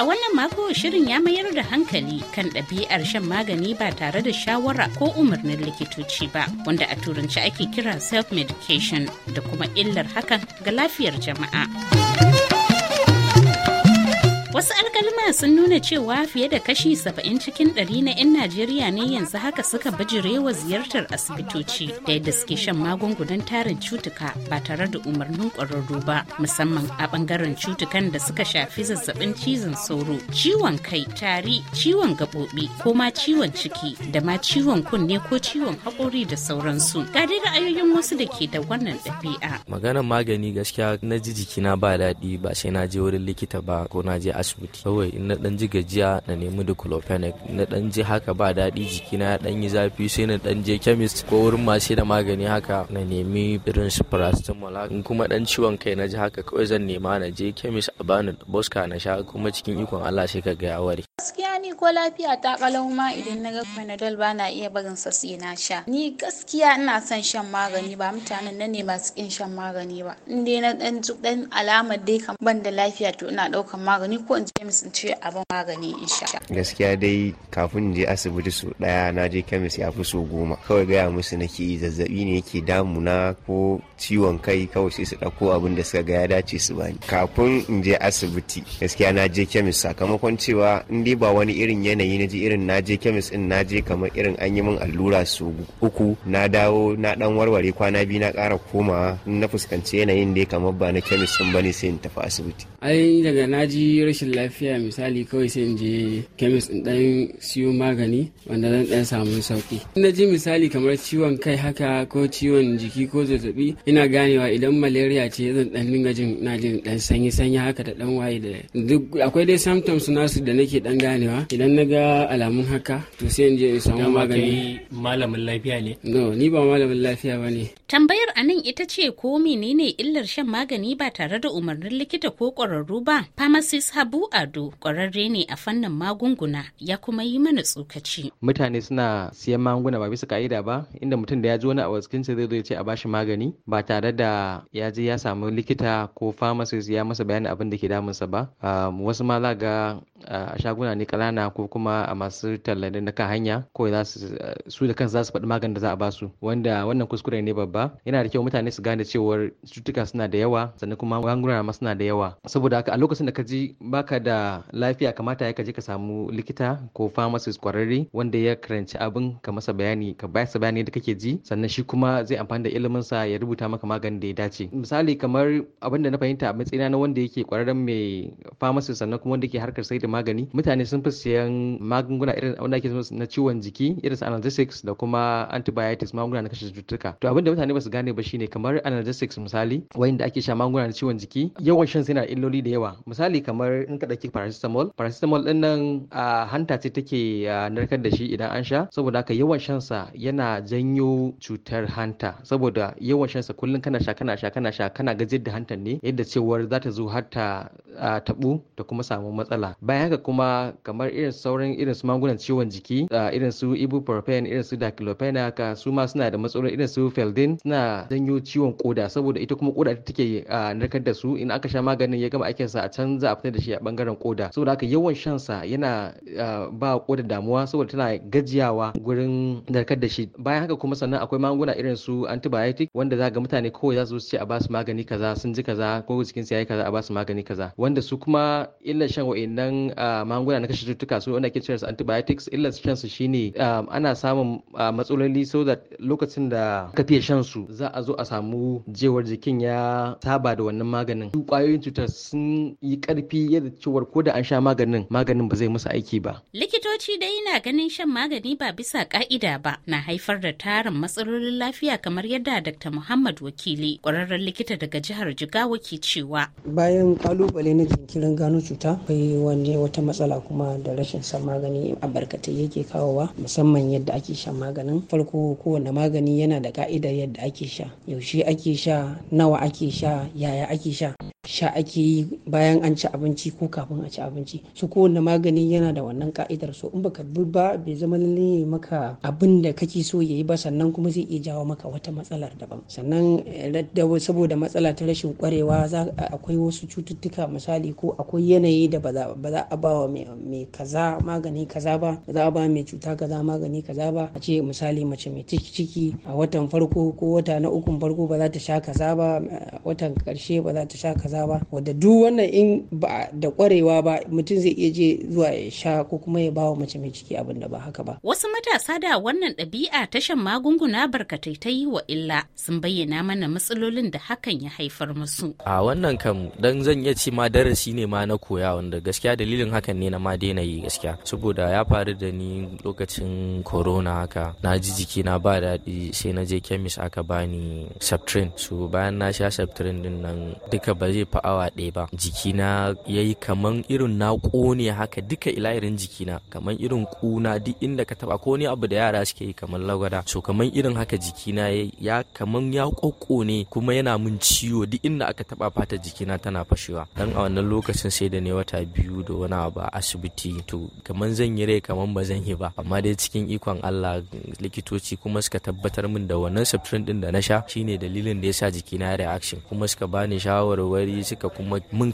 A wannan mako shirin ya mayar da hankali kan ɗabi'ar shan magani ba tare da shawara ko umarnin likitoci ba, wanda a turanci ake kira self-medication da kuma illar hakan ga lafiyar jama'a. Wasu alkalma sun nuna cewa fiye da kashi saba'in cikin ɗari na 'yan Najeriya ne yanzu haka suka bijirewa ziyartar asibitoci da yadda suke shan magungunan tarin cutuka ba tare da umarnin ƙwararru ba musamman a ɓangaren cutukan da suka shafi zazzabin cizon sauro, ciwon kai, tari, ciwon gaɓoɓi ko ma ciwon ciki da ma ciwon kunne ko ciwon haƙori da sauransu. Ga dai ra'ayoyin wasu da ke da wannan ɗabi'a. Maganin magani gaskiya na ji jikina ba daɗi ba sai na je wurin likita ba ko na je asibiti kawai in na dan ji gajiya na nemi diclofenac na dan ji haka ba daɗi jikina ya dan yi zafi sai na dan je chemist ko wurin masu da magani haka na nemi irin paracetamol in kuma dan ciwon kai na ji haka kawai zan nema na je chemist a bani boska na sha kuma cikin ikon Allah sai ka gaya ware gaskiya ni ko lafiya ta kalau ma idan na ga panadol ba na iya barin sa sai na sha ni gaskiya ina son shan magani ba mutanen nan ne masu kin shan magani ba in dai na dan dan alamar dai kan ban da lafiya to ina daukan magani ko in je in ce abin magani in sha gaskiya dai kafin in je asibiti su ɗaya na je kemis ya fi so goma kawai gaya musu na nake zazzabi ne yake damuna ko ciwon kai kawai sai su dauko abin da suka ga ya dace su bani kafin in je asibiti gaskiya na je kemis sakamakon cewa in dai ba wani irin yanayi na ji irin na je kemis in na je kamar irin an yi min allura su uku na dawo na dan warware kwana biyu na ƙara koma na fuskanci yanayin dai kamar ba na kemis ba bane sai in tafi asibiti ai daga naji rashin rashin lafiya misali kawai sai in je kemis in dan siyo magani wanda zan dan samu sauki na ji misali kamar ciwon kai haka ko ciwon jiki ko zazzabi ina ganewa idan malaria ce zan dan dinga jin na jin dan sanyi sanyi haka da dan waye da duk akwai dai symptoms nasu da nake dan ganewa idan na ga alamun haka to sai in je in samu magani malamin lafiya ne no ni ba malamin lafiya bane tambayar ita ce ko menene illar shan magani ba tare da umarnin likita ko ƙwararru ba? Pharmacist Habu Ado ƙwararre ne a fannin magunguna ya kuma yi mana tsokaci. Mutane suna siyan magunguna ba bisa ka'ida ba inda mutum da ya ji wani a waskinsa zai zo ya ce a bashi magani ba tare da ya je ya samu likita ko pharmacist ya masa bayani abin da ke damunsa ba. Wasu ma za ga a shaguna ne kalana ko kuma a masu tallalin na kan hanya ko su da kansu za su faɗi maganin da za a basu wanda wannan kuskure ne babba yana da kyau mutane su gane cewar cututtuka suna da yawa sannan kuma gangunan ma suna da yawa saboda haka a lokacin da ka ji baka da lafiya kamata ya kaje ka samu likita ko pharmacist kwararre wanda ya karanci abin ka masa bayani ka ba bayani da kake ji sannan shi kuma zai amfani da ilimin sa ya rubuta maka maganin da ya dace misali kamar abin da na fahimta a matsayina na wanda yake kwararren mai pharmacist sannan kuma wanda yake harkar sai da magani mutane sun fi siyan magunguna irin wanda ake na ciwon jiki irin su analgesics da kuma antibiotics magunguna na kashe cututtuka to abin da mutane ba su gane ba shi ne kamar analgesics misali wayanda ake sha magunguna na ciwon jiki yawan shan yana illoli da yawa misali kamar in ka dauki paracetamol paracetamol ɗin nan a hanta ce take narkar da shi idan an sha saboda haka yawan shan sa yana janyo cutar hanta saboda yawan shan sa kullun kana sha kana sha kana sha kana gajiyar da hanta ne yadda cewar za ta zo har ta tabu ta kuma samu matsala bayan haka kuma kamar irin sauran irin su magungunan ciwon jiki irin su ibuprofen irin su diclofenac su ma suna da matsaloli irin su feldin suna janyo ciwon koda saboda ita kuma koda take narkar da su in aka sha maganin ya gama aikin sa a can za a fita da shi a bangaren koda saboda haka yawan shan sa yana ba koda damuwa saboda tana gajiyawa gurin narkar da shi bayan haka kuma sannan akwai magunguna irin su antibiotic wanda za ga mutane kawai za su ce a basu magani kaza sun ji kaza ko cikin su yayi kaza a basu magani kaza wanda su kuma illa shan wa'annan magunguna na kashe cututtuka su wanda ake cewa antibiotics illa shan su shine ana samun matsaloli so that lokacin da ka fiye shan su za a zo zo a samu jewar jikin ya saba da wannan maganin duk kwayoyin cutar sun yi karfi yadda cewar ko da an sha maganin maganin ba zai musu aiki ba likitoci dai na ganin shan magani ba bisa ka'ida ba na haifar da tarin matsalolin lafiya kamar yadda dr muhammad wakili kwararren likita daga jihar jigawa ke cewa bayan kalubale na jinkirin gano cuta akwai wani wata matsala kuma da rashin san magani a barkatai yake kawowa musamman yadda ake shan maganin farko kowane magani yana da ka'idar yadda ake sha yaushe ake sha, nawa ake sha, yaya ake sha. sha ake yi bayan an ci abinci ko kafin a ci abinci su kowanne magani yana da wannan ka'idar so in baka bi ba bai zama lalle maka abin da kake so ya yi ba sannan kuma zai iya jawo maka wata matsalar daban sannan eh, saboda matsala ta rashin kwarewa akwai wasu cututtuka misali ko akwai yanayi da ba za a ba wa mai kaza magani kaza ba Ba za a ba mai cuta kaza magani kaza ba a ce misali mace mai ciki a watan farko ko wata na ukun farko ba za ta sha kaza ba watan karshe ba za ta sha kaza kaza ba wadda duk wannan in ba da kwarewa ba mutum zai iya je zuwa ya sha ko kuma ya bawa mace mai ciki abin da ba haka ba wasu matasa da wannan ɗabi'a ta shan magunguna barkatai ta yi wa illa sun bayyana mana matsalolin da hakan ya haifar musu a wannan kam dan zan iya ce ma darasi ne ma na koya wanda gaskiya dalilin hakan ne na ma daina yi gaskiya saboda ya faru da ni lokacin corona haka na ji jiki na ba daɗi sai na je kemis aka bani septrin so bayan na sha septrin din nan duka ba zai zai fi awa ɗaya ba jikina ya yi kaman irin na ƙone haka duka ilayirin jikina kaman irin ƙuna duk inda ka taba ko wani abu da yara suke yi kaman lagwada so kaman irin haka jikina ya kaman ya ƙoƙone kuma yana min ciwo duk inda aka taba fata jikina tana fashewa dan a wannan lokacin sai da ne wata biyu da wani abu a asibiti to kaman zan yi rai kamar ba zan yi ba amma dai cikin ikon Allah likitoci kuma suka tabbatar min da wannan septrin din da na sha shine dalilin da yasa jikina ya reaction kuma suka bani shawarwari ƙoƙari suka kuma mun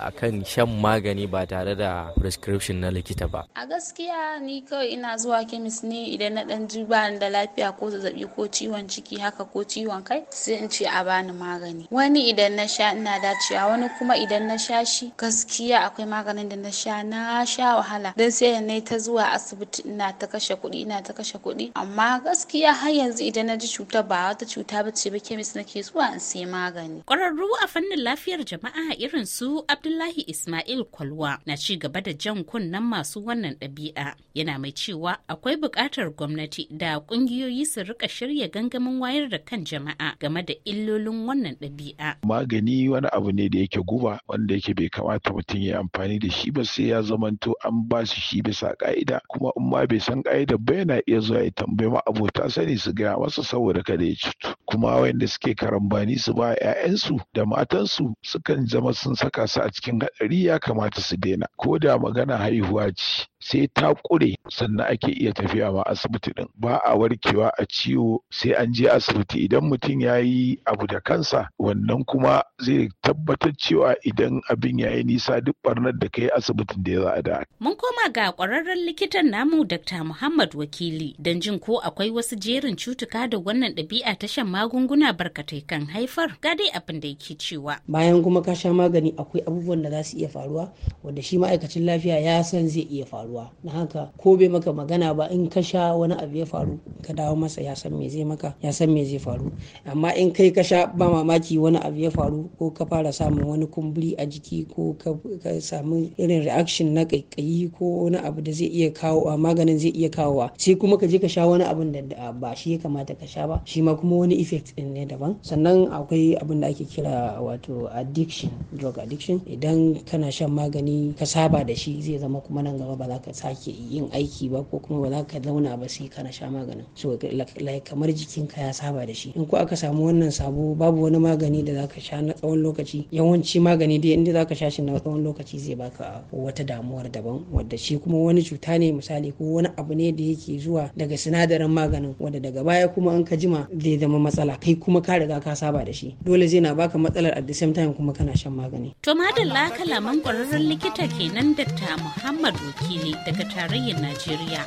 a kan shan magani ba tare da prescription na likita ba a gaskiya ni kawai ina zuwa kemis ne idan na dan ji bani da lafiya ko zazzabi ko ciwon ciki haka ko ciwon kai sai in ce a bani magani wani idan na sha ina dacewa wani kuma idan na sha shi gaskiya akwai maganin da na sha na sha wahala dan sai na ta zuwa asibiti ina ta kashe kuɗi ina ta kashe kuɗi amma gaskiya har yanzu idan na ji cutar ba wata cuta ba ce ba kemis nake zuwa in sai magani ƙwararru a fannin lafiyar jama'a a irin su Abdullahi Ismail Kwalwa na ci gaba da jan kunnen masu wannan ɗabi'a. Yana mai cewa akwai buƙatar gwamnati da ƙungiyoyi su rika shirya gangamin wayar da kan jama'a game da illolin wannan ɗabi'a. Magani wani abu ne da yake guba wanda yake bai kamata mutum ya amfani da shi ba sai ya zamanto an ba su shi bisa ka'ida kuma in ma bai san ka'ida ba yana iya zuwa ya tambayi ma abota sani su gaya masa saboda kada ya cutu. kuma wayanda suke karambani su ba 'ya'yansu da matansu sukan zama sun saka su a cikin haɗari ya kamata su daina ko da magana haihuwa ce sai ta ƙure sannan ake iya tafiya ma asibiti din ba a warkewa a ciwo sai an je asibiti idan mutum ya yi abu da kansa wannan kuma zai tabbatar cewa idan abin ya yi nisa duk barnar da kai asibitin da ya za a da. Mun koma ga ƙwararren likitan namu Dr. Muhammad Wakili don jin ko akwai wasu jerin cutuka da wannan ɗabi'a ta shan magunguna barkatai kan haifar ga dai abin da yake cewa bayan kuma ka sha magani akwai abubuwan da za su iya faruwa wanda shi ma'aikacin lafiya ya san zai iya faruwa na haka ko bai maka magana ba in ka sha wani abu ya faru ka dawo masa ya san me zai maka ya san me zai faru amma in kai ka sha ba mamaki wani abu ya faru ko ka fara samun wani kumburi a jiki ko ka samu irin reaction na kaikayi ko wani abu da zai iya kawo maganin zai iya kawowa sai kuma ka je ka sha wani abin da ba shi ya kamata ka sha ba shi ma kuma wani effects din ne daban sannan akwai abin da ake kira wato addiction drug addiction idan kana shan magani ka saba da shi zai zama kuma nan gaba ba za ka sake yin aiki ba ko kuma ba za ka zauna ba sai kana sha maganin so kamar jikinka ya saba da shi in ko aka samu wannan sabo babu wani magani da za ka sha na tsawon lokaci yawanci magani dai inda za ka sha shi na tsawon lokaci zai baka wata damuwar daban wadda shi kuma wani cuta ne misali ko wani abu ne da yake zuwa daga sinadarin maganin wanda daga baya kuma an ka jima zai zama matsala matsala kai kuma ka riga ka saba da shi dole zai na baka matsalar at the same time kuma kana shan magani to madalla kalaman kwararren likita kenan Dr. Muhammad Wakili daga tarayyar Najeriya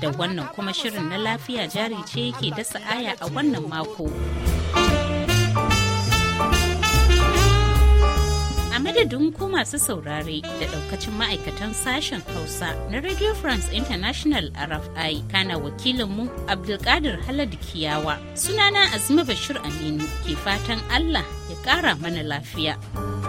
da wannan kuma shirin na lafiya jari ce yake dasa aya a wannan mako a madadin ku masu saurare da daukacin ma'aikatan sashen hausa na radio france international rfi kana wakilinmu abdulkadir haladu kiyawa sunana azuma bashir aminu ke fatan allah ya kara mana lafiya.